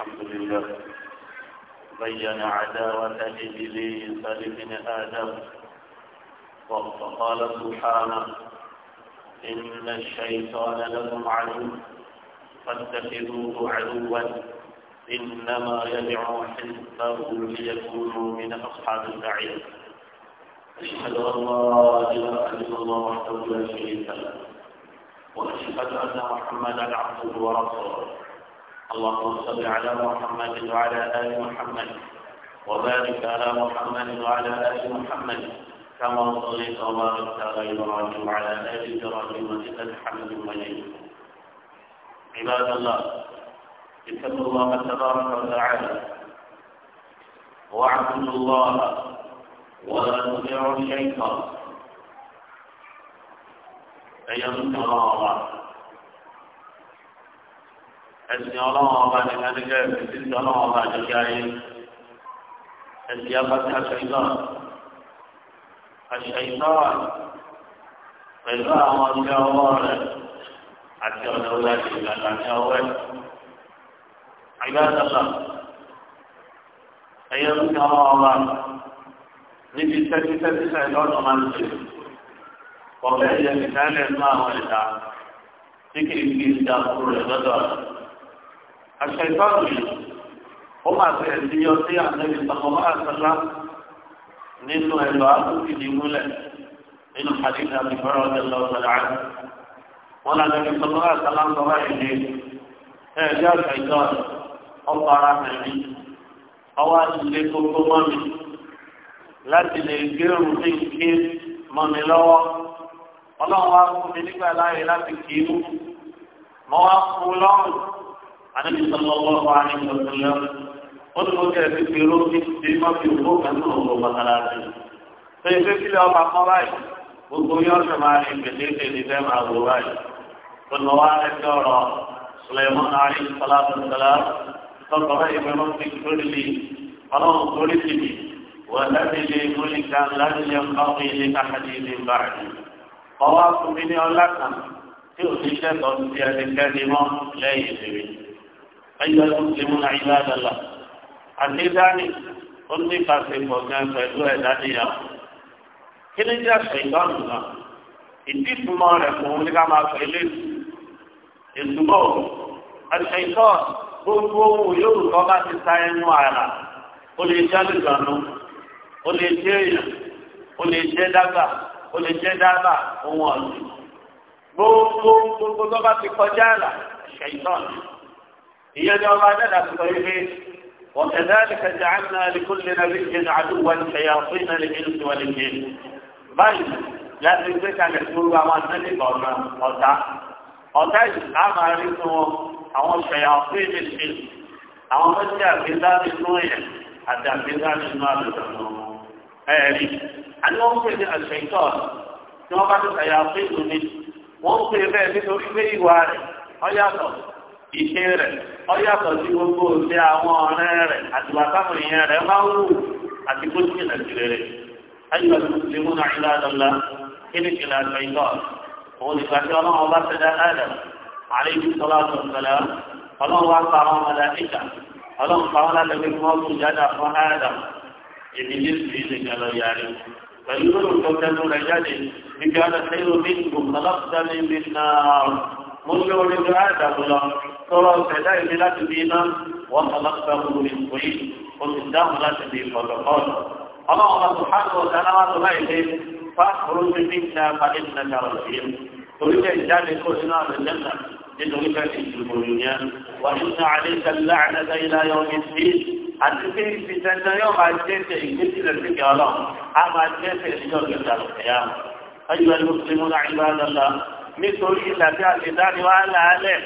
الحمد لله بين عداوة إبليس لابن آدم وقال سبحانه إن الشيطان لكم عدو فاتخذوه عدوا إنما يدعو حزبه ليكونوا من أصحاب البعير أشهد أن لا إله إلا الله وحده لا شريك له وأشهد أن محمدا عبده ورسوله اللهم صل على محمد وعلى آل محمد وبارك على محمد وعلى آل محمد كما صليت وباركت على إبراهيم وعلى آل إبراهيم إنك الحمد مجيد عباد الله اتقوا الله تبارك وتعالى واعبدوا الله ولا تطيعوا الشيطان فيذكر الله ẹ̀sìn ọlọ́run ọba nìkan ní kẹ́ẹ̀ fi sísè ọlọ́run ọba àjọyọ̀ ayé ẹ̀sìn abáṣe aṣọ àṣà ìtọ́wà pẹ̀lú àwọn ọjọ́ ọwọ́ rẹ̀ àti ọ̀nà orí ìlànà ní ọwọ́ ẹ̀. àgbàdàgbà ẹ̀yẹ ń tẹ ọmọ ọba níbi tẹ́títẹ́títẹ́ lọ́nà máa ń tẹ̀. ọ̀bẹ ìyẹn nìkan lè mú àwọn ẹ̀dá tí kìí fi ìdàkúrò rẹ̀ lọ́dọ̀ rẹ̀. الشيطان ó máa bẹ̀rẹ̀ sí yọ sí àtẹ̀lé ìtàkùnmọ́ àtàlá nínú ẹ̀lọ́ àtúntì ní múlẹ̀ nínú hadith àti bọ́rọ̀ ọ̀dẹ́lọ́ ọ̀dẹ́lá rẹ̀. wọ́n lọ lórí ìtàkùnmọ́ àtàlá ń sọ́wọ́ ìdí ẹ̀ẹ́dẹ́ àtẹ̀jọ́ ọkọ̀ ara mẹ́rin ọwọ́ àtúndé gbogbo mọ́ láti lè gbérù ní kí mọ́ lọ́wọ́ ọlọ́run wá fún mi nígbà láàyè láti kì í mọ́ wá fún lọ́rùn àdébí sọlọ ọlọ́wọ́ àdébí ọ̀sẹ̀lẹ̀ ó ti mú kí ẹ̀sìn fi ró sí bí wọ́n fi òkú kan tó òkú mọ́sálásí. tó yẹ pé kílẹ̀ ọba kan báyìí gbogbo yóò ṣe máa rí gbèdéke ní fẹ́ máa wò báyìí. tó lọ wá ẹgbẹ́ ọ̀rọ̀ sùlẹ̀mọ́n àrí sọlá tọkọ ìwé wọn fi lórí mi ọlọ́run lórí ti mi wọ́n láti lè múlí ká láti lè bá wọn ilé káàkiri ilé ń ọwọ́ fún mi ní ọlá kan tí ò ní sẹ́tọ̀ọ́ ti ẹnikẹ́ni mọ́ lẹ́yìn ìbéèrè ayé muslimun ibadallah àdédáni ó ní pàṣípò gan pẹ̀lú ẹ̀dá níyàwó kí ni jẹ́ ṣèǹdọ́nù náà ìdí ìtumọ̀ rẹ̀ fún un ní ká máa pè lé ìtumọ̀ àṣẹ̀ǹdọ́n gbogbo ohun yóò kọ́ bá ti ta ẹnu àrà ó lè jẹ́ àlùjọ̀nù ó lè jẹ́ èèyàn ó lè jẹ́ dágbà ó lè jẹ́ dágbà ohun ọ̀sìn gbogbo gbogbo tó bá ti kọjá àlà ṣèǹdọ́nù ìyẹn ni ọba adẹ́dà ti sọ wípé وكذلك جعلنا لكل نبي عدوا شياطين الانس والجن báyìí láti gbé kalẹ̀ gbogbo àwọn àtẹ́lẹ̀ ọ̀nà ọ̀tá ọ̀tá yìí á máa rí fún wọn àwọn ṣẹ̀yà ọ̀fẹ́ ìdíje àwọn mọ́tí àgbéńdá nínú ẹ̀yẹ àti àgbéńdá nínú àlùfẹ́ ẹ̀rí àní wọ́n ń pè ní àṣẹ̀tọ́ tí wọ́n bá ní ṣẹ̀yà ọ̀fẹ́ ìlú ni wọ́n ń pè bẹ́ẹ̀ nítorí pé ìwà rẹ̀ ọ yàtọ̀ ìṣe rẹ̀ ọ yàtọ̀ sí gbogbo ṣe àwọn ọ̀rẹ́ rẹ̀ àti bàtàkùn ìyẹn rẹ̀ máa wù àti kó sí ìrẹ̀sì rẹ̀ ayọ̀ mùsùlùmí náà ilá dọ́là kí ni kìlà àjọ ìlọ òun ìgbà tí ọlọ́run ọba ṣẹ̀dá adam àlẹ́ ìlú sọlá tó ń sọlá ọlọ́run wá pa àwọn ọmọdé ìjà ọlọ́run pa wọn láti fi wọ́n kú jáde fún adam èmi ní sùn yìí nìkan lọ yàrá pẹ̀lú lórí tó rẹ̀ jáde níbi ọ̀dọ̀ sẹ́yìn omi ìgbò mọ́lọ́pùtà ní ibi náà mo ń lé orí tó lọ tọrọ ìṣẹ̀dá ìlú láti bí iná wọ́n kọ́ láti bá gbogbo ìpò yìí ó sì dáhùn láti bí ìfọ̀dọ̀kọ́ọ̀dọ̀. ọlọ́run wa tó hàn kó dáná wá tó láì dé fáfúrú ní bí ìta pàdé ìta kàrọ̀ sí i. orílẹ̀ ìjáde kó sínú àbẹ̀jẹ̀ta nítorí bẹ́ẹ̀ ti dùbò yìnyẹn. wà ní sàn àlẹ́ ìṣẹ̀lẹ̀ àdáta ilá yọ àti pé ibi yóò máa jẹ́sẹ̀ ìgbésílẹ̀ sí kẹ́ ọlọ́run á máa jẹ́sẹ̀ ìjọ́ ìjọba ìyá. ayọ̀ ẹni mo ti mú náà ìgbà lọ́la nítorí ìlàbí àti ìdániwá làálẹ̀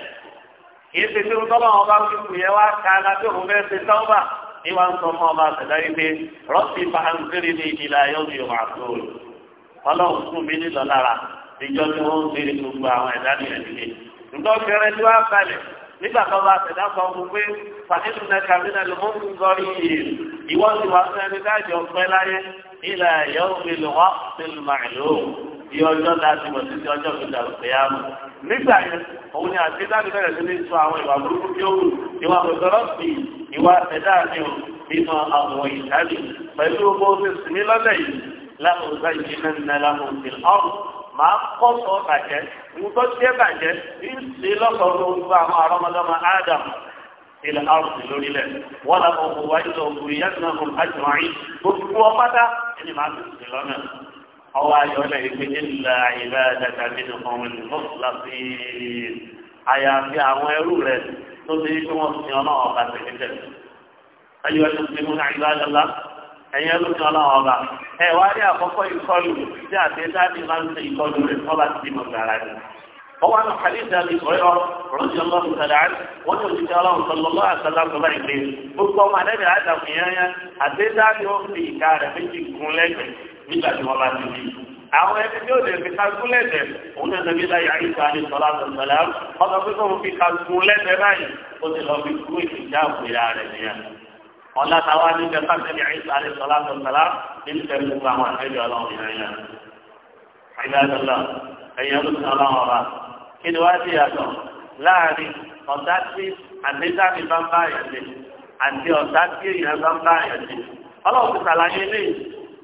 kìí ṣe tí tọ́lá wọn bá fi kùn yẹn wá ká alábẹ́ òun bẹ́ẹ̀ ṣe tọ́ba ní wàá ń sọ fún ọba àtẹ̀dá yìí pé rọ́ọ̀sì fàǹkìrì ní ìlà yóò di wà lóòrò ọlọ́run fún mi nílọ lára ìjọ tí wọ́n ń gbé gbogbo àwọn ẹ̀dá nìyẹn nílé nǹkan kẹrẹ tí wàá balẹ̀ nígbà tó bá àtẹ̀dá kan mú pé fàǹkìrì kàmínà ló mú ń gọrí yìí ìwọ́n ti wà fún ẹni dájọ́ pẹ́ láyé ìlà yóò iye ọjọ́ láti bọ̀ títí ọjọ́ ìgbà ìpèyàmù. nígbà yẹn òun ni àti dáàbì bẹ̀rẹ̀ sí ní sọ àwọn ìwà burúkú tí ó wù ìwà gbẹgbẹrọ sí ìwà ẹ̀dá mi ò nínú àwọn ìdájì pẹ̀lú owó oṣù sí ní lọ́lẹ̀ yìí láwùjọ ìjìnlẹ̀ nínú ẹ̀lámù ti ọ̀rùn máa kọ́ sọ bàjẹ́ nǹkan tí ẹ bàjẹ́ ń ṣe ilẹ̀ arùn lórí lẹ̀ wọ́n lọ wáyé lọ ìyá náà kò yìí gbogbo ọpátá ẹni máa ń sè lọ́nà ọwọ́ ayọ̀ ọ̀nà ìpín nílà ìlà dàda nínú ọmọ ìmọ̀síláṣí àyàfi àwọn ẹrú rẹ̀ tó ti kí wọ́n sin ọlọ́run ọba tẹ̀lé tẹ̀lé. ayọ̀ ẹni tí mo náà ìlà dàda ẹ̀yin ẹrú sin ọlọ́run ọba. ẹ wá rí àkọ́kọ́ ìkọlù tí àtẹ̀jáde máa ń ṣe ìkọlù rẹ̀ ọba ti mọ̀ gàrà ni. هو أن حديث أبي nígbà tí wọ́n bá ti rí. Àwọn ẹni tí ó lè fi kankú lẹ́sẹ̀, òun náà nàbí láyé àyíká ní sọlá sọ̀tọ̀lá, ọkọ̀ pé kò fi kankú lẹ́sẹ̀ báyìí, ó ti lọ fi kú ìjà òkúra rẹ̀ nìyẹn. Ọlá táwa ní bẹ sáfẹ́lì àyíká ní sọlá sọ̀tọ̀lá, nínú tẹ̀lé gbogbo àwọn àtẹ́jọ́ ọlọ́run yẹn yẹn. Àyíká ẹ̀yẹ́ ló ti ọlọ́run ọba. Kí ni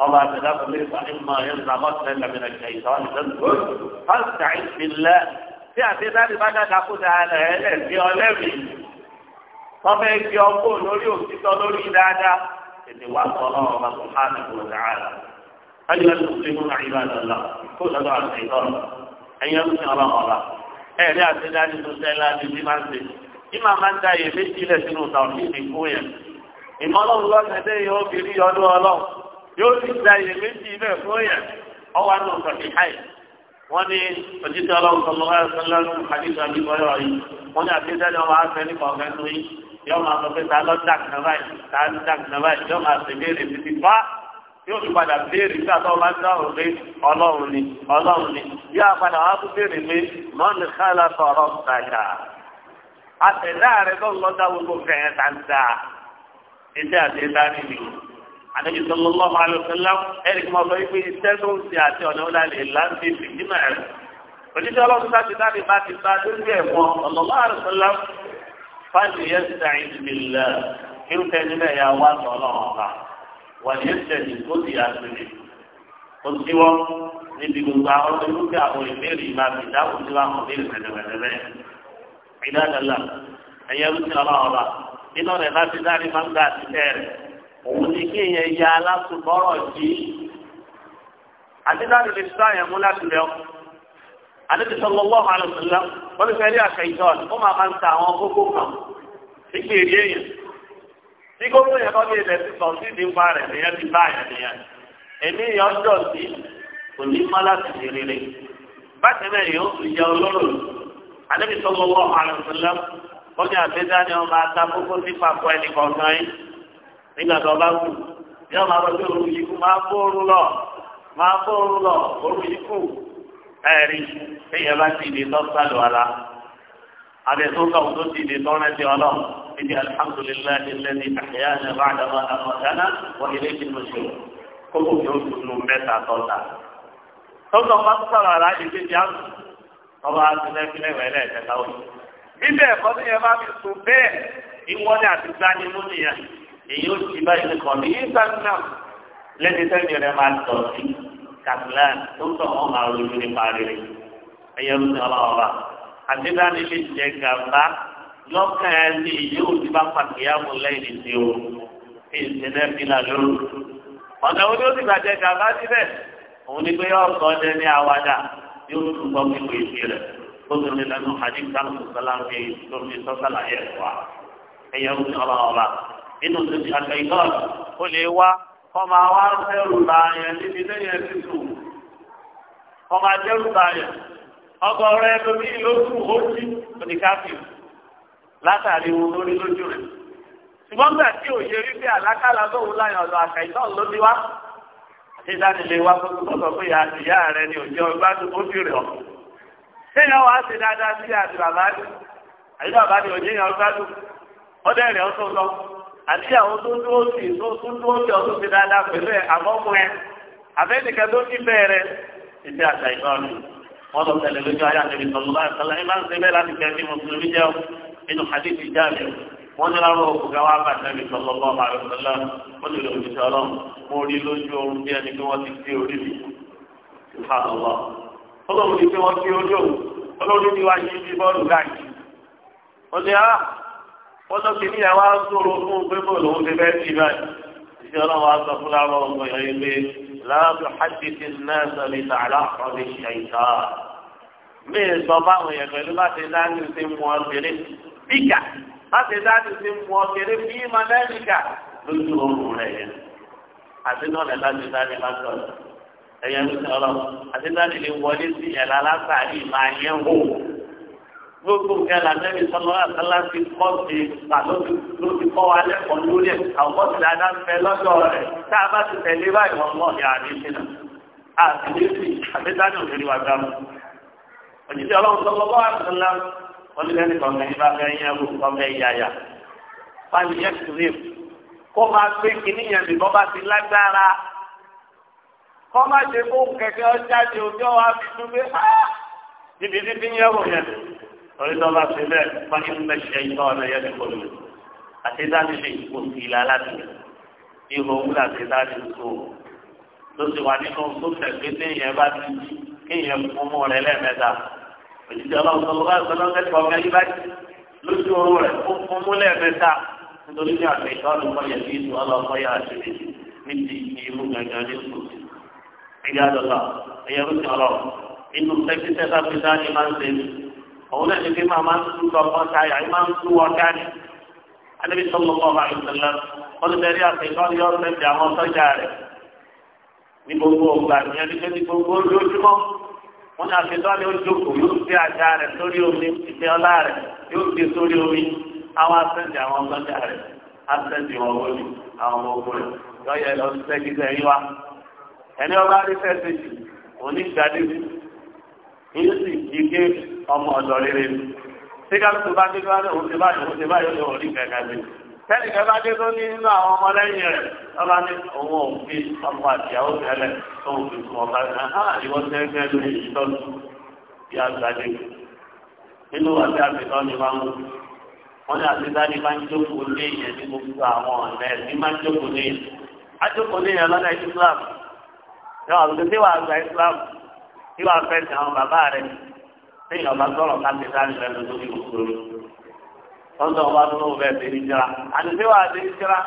الله تعالى قال فإما ينزغن من الشيطان تنزغ فاستعذ بالله tí àtẹ́sáré bá dáadáa kó dáadáa ẹ̀ fi ọlẹ́rì tọ́fẹ́ fi ọkọ̀ lórí òtítọ́ lórí dáadáa ètè wà sọ ọlọ́run ọba tó hàn kó dáadáa. ẹni wọn tún fún mi àyíká lọ́la kó lọ́dọ̀ àti ìtọ́nà ẹni wọn tún fi ọlọ́run ọba. ẹ rí àtẹ́sáré tó tẹ́lá ní bí máa ń ṣe bí màá máa ń da iye méjì lẹ̀ sínú tàwọn ìdìkú yẹn. ìmọ̀lọ́run lọ́sẹ̀ yóò sì gba iye méjì bẹ́ẹ̀ fún yẹn ọwọ́ àti ọ̀sán ní àyè wọ́n ní òjijì ọlọ́run sọlọ́ wáyé sọlọ́ ní àdìsọ àbíkọ́yọ̀ yìí wọ́n ní àbíkẹ́sẹ́ ni wọ́n máa ń fẹ́ nípa ọ̀gá tó yìí yọ máa sọ pé ta lọ dàgbà báyìí ta lọ dàgbà báyìí yọ máa sì béèrè títí fá yóò fi padà béèrè nígbà tó máa ń dáhùn pé ọlọ́run ni ọlọ́run ni yóò àdébí sallallahu alaihi wasallam ẹnì kan sọ wípé iṣẹ́ tó ń ṣe àti ọ̀nà ọ̀la lè láǹdí ìdínà rẹ̀ oníṣẹ́ ọlọ́run sáti dáàbì bá ti bá lórí ẹ̀fọn sallallahu alaihi wasallam fáàlì yẹn sàn ìdìbìlẹ̀ irúfẹ́ nílẹ̀ yà wá sọ̀rọ̀ ọ̀la wà ní ẹsẹ̀ ní kó ti àṣírí kó ti wọ́n níbi gbogbo àwọn irúfẹ́ àwọn ìbéèrè òun ni kí èèyàn ya alásùbọ́rọ̀ jí àdídáàdì lè sá yẹn mú láti rẹ ọ àdébí sallallahu alaihi wasallam wọn ní fẹẹ rí àkàìjọ ó máa máa ń ta àwọn kókó kan nígbà èrè èèyàn tí kókó yẹn kọ́ bí ilẹ̀ ti sọ sí ìdí ńpa rẹ̀ nìyẹn ti bá àyàn nìyẹn èmi yọ ọjọ́ sí kò ní má láti ṣe rere bákan náà yóò fi jẹ olóró àdébí sallallahu alaihi wasallam wọn ní nígbà tó bá kú yóò máa lọ sí òru yìí kú máa fóoru lọ máa fóoru lọ òru yìí kú ẹ̀rí èèyàn bá ti lè lọ́sàlù ara àbẹ̀tún kàwọn tó ti lè lọ́rẹ́ ti ọlọ́ ìdí alhamdulilayi lẹ́ni àyájẹ bá àdàbà àmọ̀dáná wọ ilé tí mo ṣe kókò yóò dunu mẹ́ta tọ́ta. tọ́tọ̀ bá tó sọ̀rọ̀ ara ìdí ti àmì ọba àtúnẹ́fínẹ́ rẹ̀ lẹ́ẹ̀kẹta òní. bíbẹ̀ ẹ̀kọ́ tó yẹ bá fi sùn bẹ́ẹ̀ ìwọ́lẹ̀ àti gbani èyí ó ti bá ilé kan ní instagram lẹ́ni tẹ́lẹ̀ rẹ̀ máa tọ̀ sí kàtìlán tó tọ̀ wọ́n máa rojú nípa rere ẹ̀yẹ ló ní ọlọ́wọ́ bá àti dání lè jẹ gàmbá lọ́kàn ẹ̀ ní èyí ó ti bá pàkíyàwó lẹ́yìn tí o ìṣẹ̀lẹ̀ fi là lóru ọ̀nà wo ni ó ti bàjẹ́ gàmbá síbẹ̀ òun ni pé yóò sọ ọdẹ ní àwàdà yóò tún gbọ́ pípé ìṣe rẹ̀ tó tún ní lẹ́nu àdìgbàlùkù sọ́lá fi tó fi sọ́sálà yẹ̀ inú tó ti àgbà ìlọ́ọ̀lù ó lè wá kọ́ máa wá fẹ́rù níbi lẹ́yìn ẹ̀sìn tù kọ́ máa jẹ́rù bá yẹn ọgọ́ rẹ ló kù ó oníkàfíù látàrí wọn lórí lójú rẹ̀ ṣùgbọ́n gbà tí òye rí pé àlákàlà lóhùn láyọ̀ ló ti wá àti wa fún pé rẹ ni òjò fi ṣéyàn wá sí dáadáa sí ni òjò ó dẹ̀ tó àti àwọn tó dúró sí tó tún dúró sí ọdún sí dáadáa pẹ̀lú ẹ̀ àbọ̀mú ẹ àfẹ́nìkan tó ti bẹ̀rẹ̀ ìdí àṣà ìtọ́ni wọ́n lọ tẹ̀lé lójú ayé àti ń láti fẹ́ bí mùsùlùmí jẹ́ inú wọ́n ní láwọn wá wọ́n lọ sí níyà wá sọ̀rọ̀ fún un pé bó lòun ti fẹ́ sí báyìí ìṣe ọlọ́run á sọ fún láwọn ọmọ ìyá ilé láàbù hajjìtì náà sọ̀rọ̀ ìta aláàkọ́ ní ṣàìsà mí sọ báwọn èèyàn pẹ̀lú bá ti dání sí mu ọkẹrẹ bíkà bá ti dání sí mu ọkẹrẹ bí mọ̀lẹ́ríkà lójú oorun rẹ̀ yẹn àti náà lẹ́la ti dání lásán ẹ̀yẹ́ ló sọ̀rọ̀ àti dání lè wọlé sí ẹ̀lá gbogbo nǹkan lànàmì sọlọ àtàlà ti kọ́ sí àlóbi ló ti kọ́ wa lẹ́kọ̀ọ́ lórí ẹ̀ àwọn ti dáadáa ń bẹ lọ́dọ̀ rẹ̀ tá a bá ti tẹ̀lé báyìí wọn mọ̀ ní àárín sínú àtìlẹ́sì àbẹ́tánì òṣèlú wa gbà mú. òjijì ọlọ́run sọlọ bọ́ àtàlà wọn ní lẹ́nu kọ̀ọ̀kan yìí bá fẹ́ yẹ kó kọ́mẹ́ yáyà. wáyé yẹ kiri kó máa gbé kinní yẹn bí bọ́bá ti lágbára kọ́ má ṣe kó kẹ̀kẹ́ ọ torí tó bá ṣe bẹ́ẹ̀ fáyín mẹ́ṣẹ́ iná ọ̀nà yẹn ti kọlu àti dáni lè kó sí ilà láti ihò ń gbà sí dáni tó ló sì wà nínú tó tẹ̀sí tí ìyẹn bá ti kí ìyẹn fún mú rẹ lẹ́ẹ̀mẹ́ta òjijì ọlọ́run tó bá sọ lọ́sẹ̀ tó ọmọ yín báyìí lójú oorun rẹ̀ ó fún mú lẹ́ẹ̀mẹ́ta nítorí ní àgbẹ̀ ìtọ́nu kọ́ yẹ kí ìtù ọlọ́kọ́ yà ṣe lè ní ti ìlú gàngàn ní kù òun náà ní pé máa máa ń tú lọ́kàn táyà ẹ máa ń tú ọ̀gá ni alẹ́bí sọ́mọ́ kọ́ ọ̀gá ìṣẹ̀lẹ̀ olùdarí àtẹ̀kọ́ ni ọ̀sẹ̀ ti àwọn sọ́jà rẹ̀ ní gbogbo ọgbà ìyẹn ní pé ní gbogbo ojoojúmọ́ wọn ní àtẹ̀kọ́ ni ó jókòó yóò gbé àga rẹ̀ sórí omi ìfẹ́ ọlá rẹ̀ yóò gbé sórí omi àwọn asẹ́ǹdì àwọn sọ́jà rẹ̀ asẹ́ǹdì wọn wọ́n ni yóò sì jí géèmù ọmọ ọ̀dọ̀ rere ni sígá tó bá dé bá lóun ti báyìí òun ti báyìí òun rí kẹ̀kẹ́ sí tẹ́lì kẹ́ bá dé tó ní nínú àwọn ọmọ lẹ́yìn rẹ̀ lọ́ba ní òun ò fi ọmọ àtìyàwó tẹ́lẹ̀ tó ń fi sùn ọ̀gá rẹ̀ hàn ìwọ tẹ́lẹ̀ lórí ìtọ́jú bí a gbàdé ní àtìdáni ní gbogbo àwọn ọ̀nà ẹ̀ máa ń jókòó lé yẹn ajókòó lé lọ́nà Islam yọ àwọn àgbẹ̀ tí wàá gba Islam tí wàá fẹ́ sàn àwọn bàbá rẹ̀ téèyàn bá sọ̀rọ̀ káfí sáré rẹ lọ sórí òkúrò tọ́jú ọba tó lóun bẹ́ẹ̀ tẹ̀lé jira àti tí wàá tẹ̀lé jira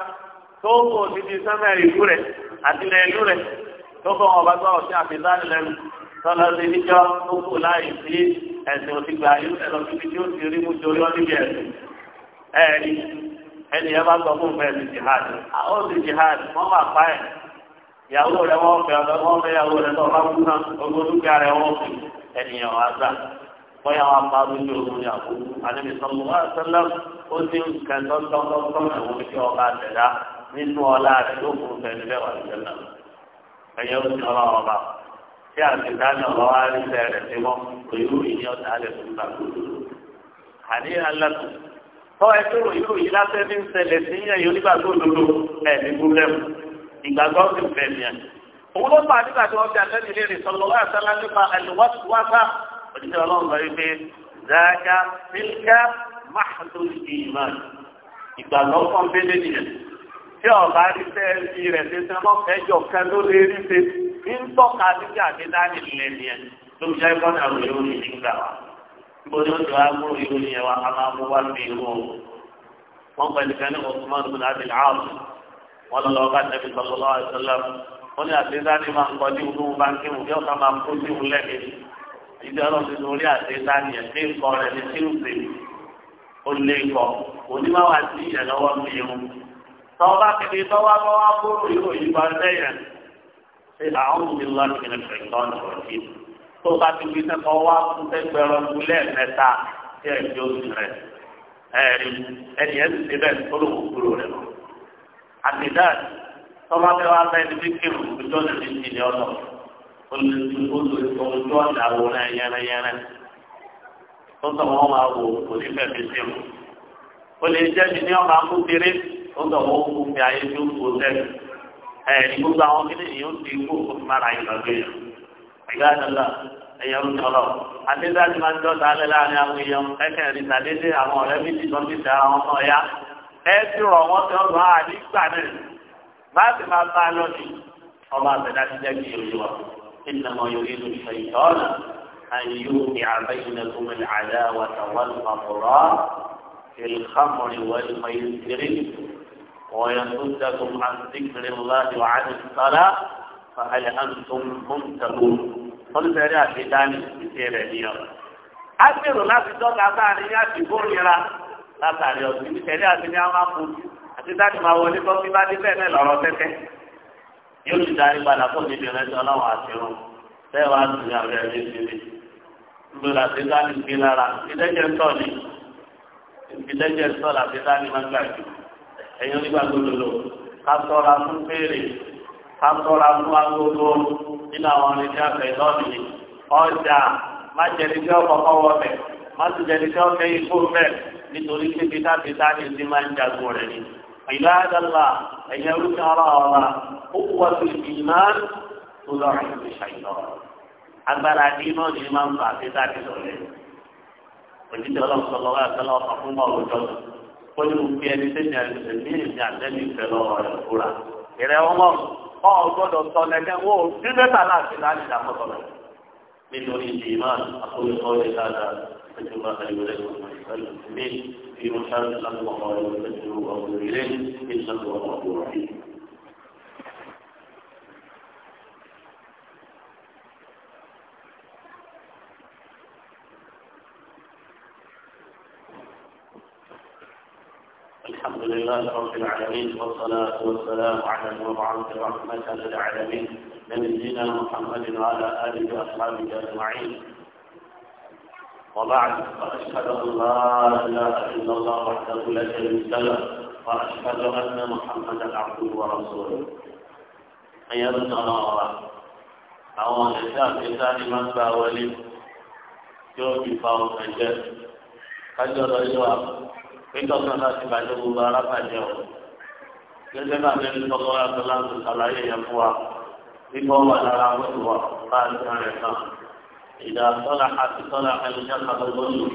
tó kó o ti di sẹ́mẹ̀ ìlú rẹ̀ àti ilẹ̀ ìlú rẹ̀ tó kọ́ ọba sọ̀rọ̀ sí àfi sáré rẹ tọ́lá ti ní jọ tó kù láì sí ẹ̀sìn òsì gbà yín ẹ̀rọ títí tí ó ti rí mú torí ọ́ níbi ẹ̀sìn ẹ̀rí ẹni ẹ bá sọ fún bẹ́ẹ̀ ti jihad ó ti jihad wọ́n máa pa ẹ̀ ìyàwó rẹ̀ wọ́n fẹ́ ọ̀dọ́ wọ́n fẹ́ ìyàwó rẹ̀ lọ́ọ́ bá kú náà ogun dúkìá rẹ̀ wọ́n fi ẹnìyàn wá sá bóyá wọn bá lójú ogun ní àbúrú àdébí sọlọ wá sẹlẹ ó ti ń kẹ tọ́tọ́tọ́tọ́ ẹ̀wọ̀n tí ọba àtẹ̀dá nínú ọlá rẹ̀ ló fún fẹ́ẹ́ níbẹ̀ wà lójú náà ẹ̀yẹ ó ti ọlọ́ ọba tí àtẹ̀dáni ọba wa rí sẹ́ rẹ̀ sí wọn òyìnbó yìí ni ọ̀tá rẹ̀ fún gbàgbó àní alẹ́kùn tọ́ ẹ tó òyìnbó yìí lásẹ̀ ní ṣẹlẹ̀ sí òjijì ọlọ́run sọ wípé dáadáa fílíkà máàtó ìmọ̀ ìgbàgbọ́ kan bẹ́lẹ̀ nìyẹn tí ọba rí sẹ́ẹ̀sì rẹ̀ ṣe ṣe mọ́ ẹjọ́ kan ló lè rí ṣe ń tọ́ka títí àdédá nìlẹ̀ nìyẹn ló ń jẹ́ ìfọ́nà ìròyìn nígbà wa bó ni ó ti wá mú yẹn wa a máa mú wá sí ìwọ wọn pẹ̀lú kan ní osman bin abdul lọ lọ́ọ́ bá tẹ̀lé sọ́kọ́lọ́ àìsàn lọ́wọ́ wọn ni àdédá máa ń kọjú ìlú bá ìdí ọlọ́run nínú orí àti ìlànà ẹ̀mí ńkọ rẹ̀ ní sílùpé ó lé kọ onímọ̀wá sí ìyẹn lọ́wọ́ ní irun tọ́wọ́ bá kéde tọ́wọ́ bá wá kúrò yóò yí wá lẹ́yìn ṣe àwọn òbí ńlá ní ìrìn ìfẹ̀tọ́ nìkọ̀ọ̀kì tó bá ti fi sẹ́kọ̀ wá fún ẹgbẹ̀rún gúlẹ̀ mẹ́ta sí ẹ̀jẹ̀ oṣù rẹ̀ ẹ̀rí ẹni ẹ̀ sì ṣe bẹ́ẹ̀ tó lòun kúrò rẹ̀ lọ. àtìdáàdì olùdókòwò àwòrán yánnayánná tó sọ wọn máa wò kò ní fẹ́ẹ́ fi sí mu ó lè jẹ́ mi ní ọmọ akúkéré ó sọ wọn kò fi ayé tó kó sẹ́nu ẹ̀ ní gbogbo àwọn kíni yìí ó ti kó kó mara ìgbàgbé yẹn ìgbà àdàlà ẹ̀yẹ ń tọrọ àtẹ́sẹ́ àti máa ń dọ́ta alẹ́ láàrin àwọn èèyàn ẹ̀kẹ́ rí àwọn ọ̀rẹ́ méjì ti rọ̀ wọ́n tẹ́ إنما يريد الشيطان أن يوقع بينكم العداوة والبغضاء في الخمر والميسر ويصدكم عن ذكر الله وعن الصلاة فهل أنتم منتهون قل بلا ختان كثير اليوم أكثر لا تدون أتاني ياتي بوريرا لا تعني أتاني أتاني أتاني أتاني أتاني أتاني أتاني أتاني أتاني أتاني أتاني yóò ti darí padà fún níbi ìrẹsì ọlọ́wọ́ àti irun bẹ́ẹ̀ wá sí àwọn ẹ̀rí ìṣẹ̀lẹ̀ ńlọrọ̀ àti sáni ń gbé lára ìdẹ́jẹ̀ ń tọ̀ ni ìdẹ́jẹ̀ ń tọ̀ láti sáni máa ń gbà jù ẹ̀yin onígbà gbọdọ̀lọ̀ ká tọ́ra fún béèrè ká tọ́ra fún agogo nínú àwọn oníṣẹ́ àfẹ́ lọ́ọ̀nì ọjà má jẹni tí ọkọ̀ kọ́ wọ bẹ̀ má sì jẹni tí ọkẹ́ ikú bẹ̀ nítorí pé bí عباد الله أن يرد الله قوة الإيمان تضعف الشيطان agbára ní iná ní máa ń fa àti dáàbì lọ́lẹ̀. Òjijì ọlọ́run sọ lọ́wọ́ ẹ̀fẹ́ lọ́wọ́ kan fún bọ́ọ̀lù jọ. Ó ní mo fi ẹni tẹ́lẹ̀ ẹ̀sẹ̀ ní èmi àtẹ́lẹ̀ ìfẹ́ lọ́wọ́ rẹ̀ fúra. Ìrẹ̀ ọmọ ọ̀ gbọ́dọ̀ sọ lẹ́gẹ́ wo bí mẹ́ta láti láti dàpọ̀ sọ̀rọ̀. من الإيمان أقول قولي هذا أجل ما خير لكم المسلمين في محل الأمر وقال وسجلوا وأقول إليه شاء الله الغفور الرحيم الحمد لله رب العالمين والصلاة والسلام على المبعوث رحمة للعالمين نبينا محمد وعلى آله وأصحابه أجمعين وبعد فأشهد أن لا إله إلا الله وحده لا شريك له وأشهد أن محمدا عبده ورسوله حياتنا الله أولا شاف إنسان من فاولي شوف فاول من جد فجر الإجواء فإن الله سبحانه مباركة جو كذلك أن الله سبحانه وتعالى يقول فيما هو على وجهه قال تعالى إذا صلحت صلح الجسد كله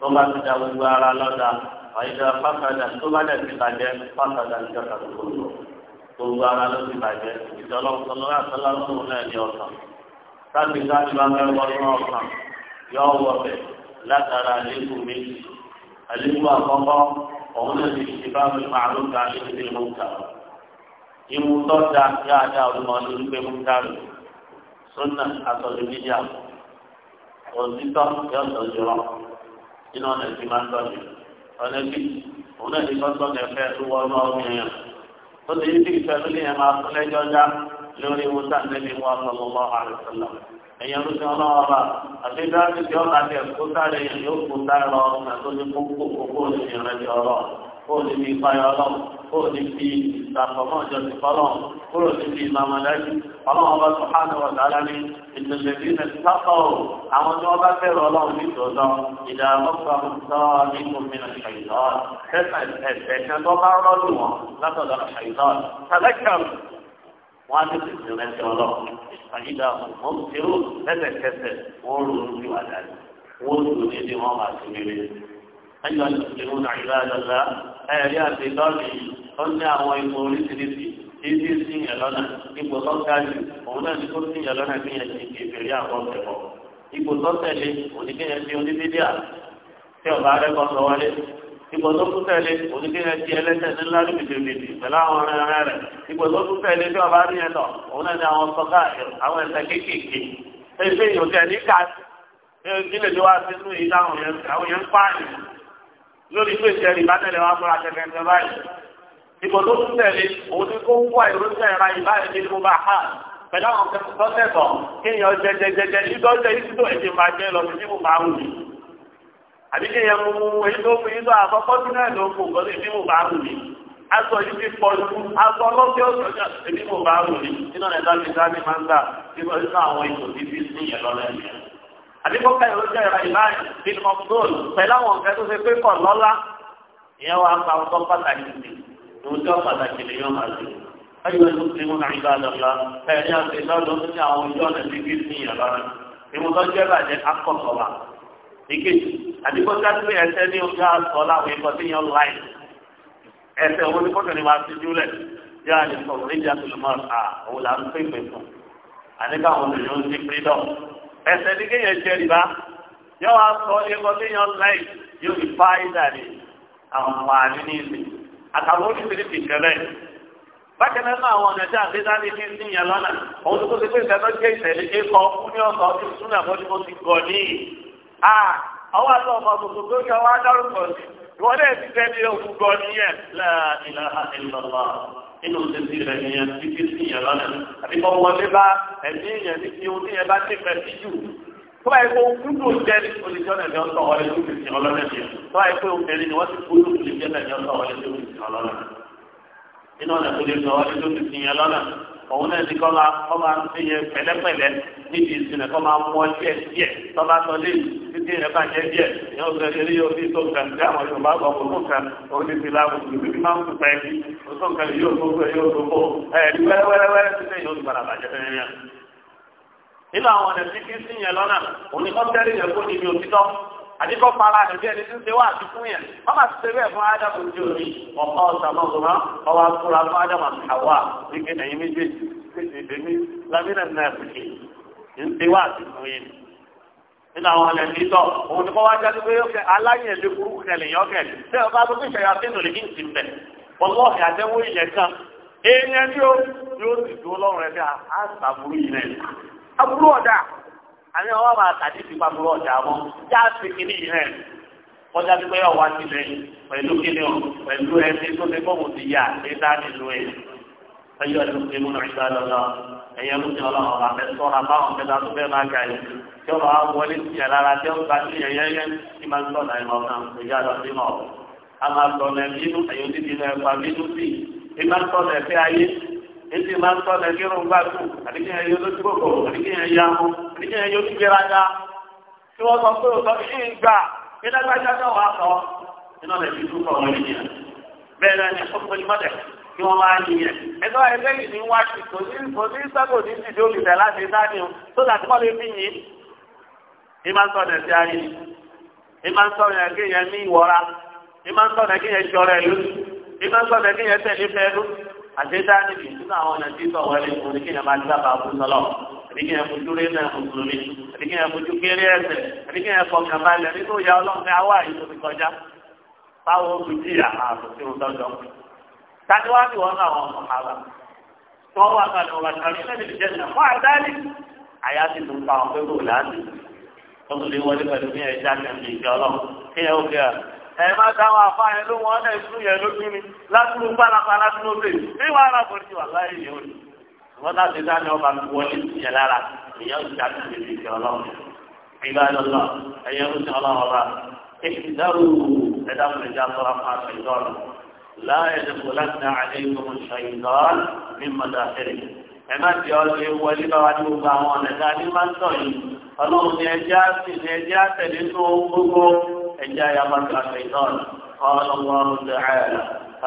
ثم تداوى على لدى وإذا فسد ثم تتبادل فسد الجسد كله gbogbo ara ló ti bàjẹ́ ìjọlọ́sọ lọ́wọ́ àtọ́lá lọ́wọ́ náà bá fẹ́ wọ inú ọ̀sán yọ bá mi ìwù tọ́jà dáadáa olùmọ̀ lórí pé mú dárò sọ́nà àtọ̀lẹ̀ níjà òtítọ́ yóò tọ́jú rọ nínú ọ̀nà tí máa ń tọ́jú ọ̀nà tí òun náà ti kọ́tọ́ ní ẹ̀fẹ́ lúwọ́ ọmọ ọmọbìnrin yẹn tó ti ní bí ìfẹ́ lórí yẹn máa fún lẹ́jọ́ dá lórí ìwù tàǹdẹ́bí wọn lọ́wọ́ àrùn sọ́nà ẹ̀yìn ọlọ́sìn ọlọ́wọ́ bá àti dáàbì tí ọ̀la tẹ̀ kó sáré yẹn yóò kó sáré lọ àti oní kókó kókó òṣìṣẹ́ rẹ̀ ti ọlọ́ kó o ní fi ìpayọ̀ ọlọ́ kó o ní fi ìtàkọ̀mọ́ ìjọ ti fọlọ́ kó o ní fi ìmàmọ̀dájú ọlọ́wọ́ bá tó hánà wọ̀ sára ní ìtòlẹ́bí náà sáfọ̀ o àwọn tí wọ́n bá fẹ́rọ ọlọ́run ní tòótọ́ ìdá ọlọ́pàá ń wọn á tètè sí ẹsẹ̀ ọlọ́run àyíká wọn ti rú lẹ́sẹ̀kẹsẹ̀ wọn rú orí wa dání wọn rú orí ni wọn máa ti rere ẹ̀yọ́ ìṣèlú nàìjíríà lọ́la ẹ̀rí àti lọ́ọ̀lì ó ní àwọn ipò oríṣiríṣi títí sí yẹn lọ́nà ipò tó ga òun náà ní kó sí yẹn lọ́nà kí yẹn ti kékeré àwọn ọ̀tẹ̀wọ̀ ipò tó tẹ̀lé òní kí yẹn ti oníbídíà tí ọba rẹ̀ ìgbọ̀dọ̀ kú tẹ̀lé oníkéyà di ẹlẹ́sẹ̀ ńlá lùbìdìbìdì pẹ̀lú àwọn ọ̀rẹ́ rẹ̀ ìgbọ̀dọ̀ kú tẹ̀lé bí ọba rí ẹ̀tọ̀ òun náà ni àwọn sọ́kà àwọn ẹ̀sẹ̀ kéékèèké ẹgbẹ́ yìí ọ̀tẹ̀ ní ká ilé tí wàá sínú yìí láwọn yẹn àwọn yẹn ń pààyàn lórí pé ìṣẹ́ rìbá tẹ̀lé wàá fọlá tẹ̀lé ẹ̀ báyìí ìgbọ̀dọ̀ kú tẹ̀lé òun ni kó wà ìrúnṣẹ́ ra ìbáyìí ní mo bá hà pẹ̀lú àwọn kẹ́kọ̀ọ́ tẹ̀sán kéèyàn jẹjẹjẹjẹ ìdọ́jẹ ìdúdó ẹ̀jẹ̀ máa àbí kí èèyàn mú èyí tó fún yín tó àkọ́kọ́ tí náà ló fún nǹkan èmi mo bá rù mí aṣọ yìí ti pọ̀ ju aṣọ ọlọ́sẹ̀ ọ̀sọ̀jà èmi mo bá rù mí nínú ẹ̀ dá mi dá mi máa ń gbà nípa nínú àwọn ìtò tí fi sí ìyẹn lọ́lẹ̀ mi. àbí kó ká ìrọ̀jà ìrà ìbáyìí nínú ọ̀gbọ́n pẹ̀lú àwọn nǹkan tó ṣe pé kọ̀ lọ́lá ìyẹn wàá pa ọkọ pàtàkì sí ìwòjọ́ pàtàkì lè yọ àdìgbò kásìlì ẹsẹ̀ ní ọjà sọ láwọn ikọ̀ tí yàn láì ẹsẹ̀ wọn ni kọ́kẹ́ ni wàá ti júlẹ̀ yá ni sọ̀rọ̀ ní ìjà tìlùmọ́ à òun là ń pèpè fún àdìgbà wọn ni yóò ti pín dọ̀ ẹsẹ̀ ní kéèyàn jẹ rìbá yóò wá sọ ikọ̀ tí yàn láì yóò fi fá ìdá ni àwọn ọmọ àní ní ìsìn àtàwọn oníṣiríṣi ìṣẹ̀lẹ̀ bákan náà àwọn ọ̀nà tí àgbéta ní kí n ní yẹn lọ́nà òun tó ti pé ìṣẹ̀lẹ̀ jẹ́ ìṣẹ̀lẹ̀ kékọ́ fún ní ọ̀sán ọdún súnà fọ́dún mo ti gọ̀ ní à àwọn àti ọmọ tuntun tó ṣe wá dárúkọ sí wọn lè ti tẹ́ ní ogun gan nìyẹn láàbìlà àìlọ́lá inú títí rẹ̀ nìyẹn títí sí yẹn lọ́nà àti kọ́ wọlé bá ẹ̀mí yẹn ní kí ohun tí yẹn bá ti fẹ́ sí jù tó báyìí kó kúndùn jẹ́ ní olùjọ́nà ẹ̀mí ọ̀tọ̀ ọ̀rẹ́ tó fi sìn ọlọ́nà yẹn tó báyìí obìnrin ni wọ́n ti kú olùjọ́nà ẹ̀mí ọ̀tọ̀ ọ̀rẹ́ tó fi sìn ọlọ́nà inú ọ̀nà níbi ìsìnlẹ̀ kọ́ máa mú ọjẹ́ díẹ̀ tọ́ba tọ́ lé títí rẹ̀ bàjẹ́ díẹ̀ ní ọ̀sẹ̀ eré yóò fi tó nǹkan tí àwọn Yorùbá gbọ́ kó tó nǹkan òní ti la òní ti máa ń tún pẹ́ bí ó tó nǹkan yóò tó fẹ́ yóò tó fọ́ ẹ̀ ní wẹ́rẹ́wẹ́rẹ́ títí yóò ti padà bàjẹ́ fẹ́rẹ́ yẹn. nínú àwọn ọ̀nà tí kí sí yẹn lọ́nà òní kọ́ tẹ́lẹ̀ yẹn kó níbi òtítọ́ àdìgbò fara rẹ̀ bí ẹni tí ń ṣe wá àti fún yẹn wọ́n máa ṣe bẹ́ẹ̀ fún ádámù tí ò ní ọ̀pá ọ̀sán mọ́tòmá ọwọ́ akúra fún ádámù àti àwa wípé ẹ̀yin méjèèjì pèsè ìdèmí lábẹ́rẹ́ náà fìdí ńṣe wá sí yín nínú àwọn ọ̀nà ìdítọ̀ òun ni kọ́ wá jáde pé aláyẹ̀ lè burú kẹlẹ̀ tẹ ọba tó fi sínú lè n ti bẹ̀ ọlọ́ àtẹwọ́ ìyẹn kan èèyàn ni ó yóò sì dúró lọ́rùn rẹ̀ àṣàbùrú yìí rẹ̀ àbúrò ọ̀dà àmì àwọn àmà àtàdé ti pa àbúrò ọ̀dà wọn já sí kìíní yìí rẹ̀ kọjá pé wá sílẹ̀ pẹ̀lú pẹ̀lú ẹni tó أيها المسلمون عباد الله ẹ̀yẹ ló ti ọlọ́run ọ̀la fẹ́ sọ́ra báwọn fẹ́ dáadọ́ fẹ́ máa gàyè tí ó máa wọlé ti ẹ̀ lára tí ó ń gba sí ẹ̀yẹ yẹn tí máa ń sọ náà ìmọ̀ kan ìyá lọ sí mọ̀ a máa sọ náà bínú ẹ̀yọ́ dídì náà ẹ̀fà bínú sí i máa ń sọ náà fẹ́ ayé ètí máa ń sọ náà kí irun gbàgbù àdìgẹ́ ẹ̀yọ́ lójú kòkò àdìgẹ́ ẹ̀yọ́ amú àdìgẹ́ ẹ̀yọ́ gbígbéraga tí wọ́n sọ pé òtọ́ fi ń gbà nígbàgbàjá náà wà sọ iná lẹ́bi dúkọ̀ wọn nìyẹn bẹ́ẹ̀ náà ni ọkùnrin mọ́tẹ̀ kí wọ́n máa ní yẹn. ẹ̀tọ́ ẹgbẹ́ yìí ní wá sí kò sí kò sí sẹ́kò ní ti dóòlù tẹ̀ láti dání o tó láti kọ́ lè fi yìí. ẹ máa ń sọ ọ̀nà sí ayé ẹ máa ń sọ ọ̀nà kí yẹn ní ìwọra ẹ máa ń sọ ọ̀nà kí yẹn jọrọ ẹ̀lú ẹ máa ń sọ ọ̀nà kí yẹn tẹ̀lé fẹ́ẹ́lú. àti dání bì nínú àwọn ọ̀nà tí sọ̀wọ́ ẹni kò ní kí yẹn máa ń dábàá fún sọlọ àbí kí yẹn fojú rí náà mùsùlùmí àbí kí yẹn fojú kéré ẹsẹ̀ àbí kí yẹn fọkàn balẹ̀ nínú ìyá ọlọ́run ní awá yìí tó ti kọjá. báwo ó fi jìyà ààbò tí mo tọ́jọ́ tani wá ní wọn àwọn ọmọ àbá tí wọn wá kalẹ̀ wọn kàlí lẹ́nu ìjẹ́ nà fún àdáni àyà ti tún pa ọ̀pẹ́ kò láti wọn tún lè wọlé pẹ̀lú ní ẹja kẹ́mi ìjọ ọlọ́run kí ẹ ó kẹ́ ẹ má dáwọn afáyẹ ló wọn náà sún yẹn lójú ni látúrú pálapà látúrú bè bí wọn ara kò ti wà láyé yìí ó ní wọn láti dání ọba wọlé ìyẹn lára ìyẹn ó ti dá kẹ́mi ìjọ ọlọ́run ìgbà lọ́lọ́ ẹ̀yẹ ó ti ọlọ́run ọba èyí dárò ẹ̀dá fún ìjà sọ́ra fún àṣẹ ìjọ ọ̀run لا يدخلن عليكم الشيطان من مداخله ẹ má ti ọlọ́ọ̀ ewu ẹlẹ́ bá wà ní gbogbo àwọn ọ̀nà tá a ní máa ń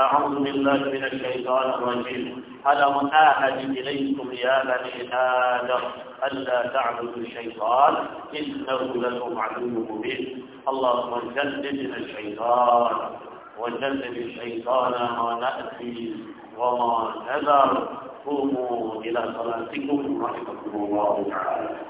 أعوذ بالله من الشيطان الرجيم ألم أعهد إليكم يا بني آدم ألا تعبدوا الشيطان إنه لكم عدو مبين اللهم جنبنا الشيطان وجلب الشيطان ما نأتي وما نذر قوموا إلى صلاتكم رحمكم الله تعالى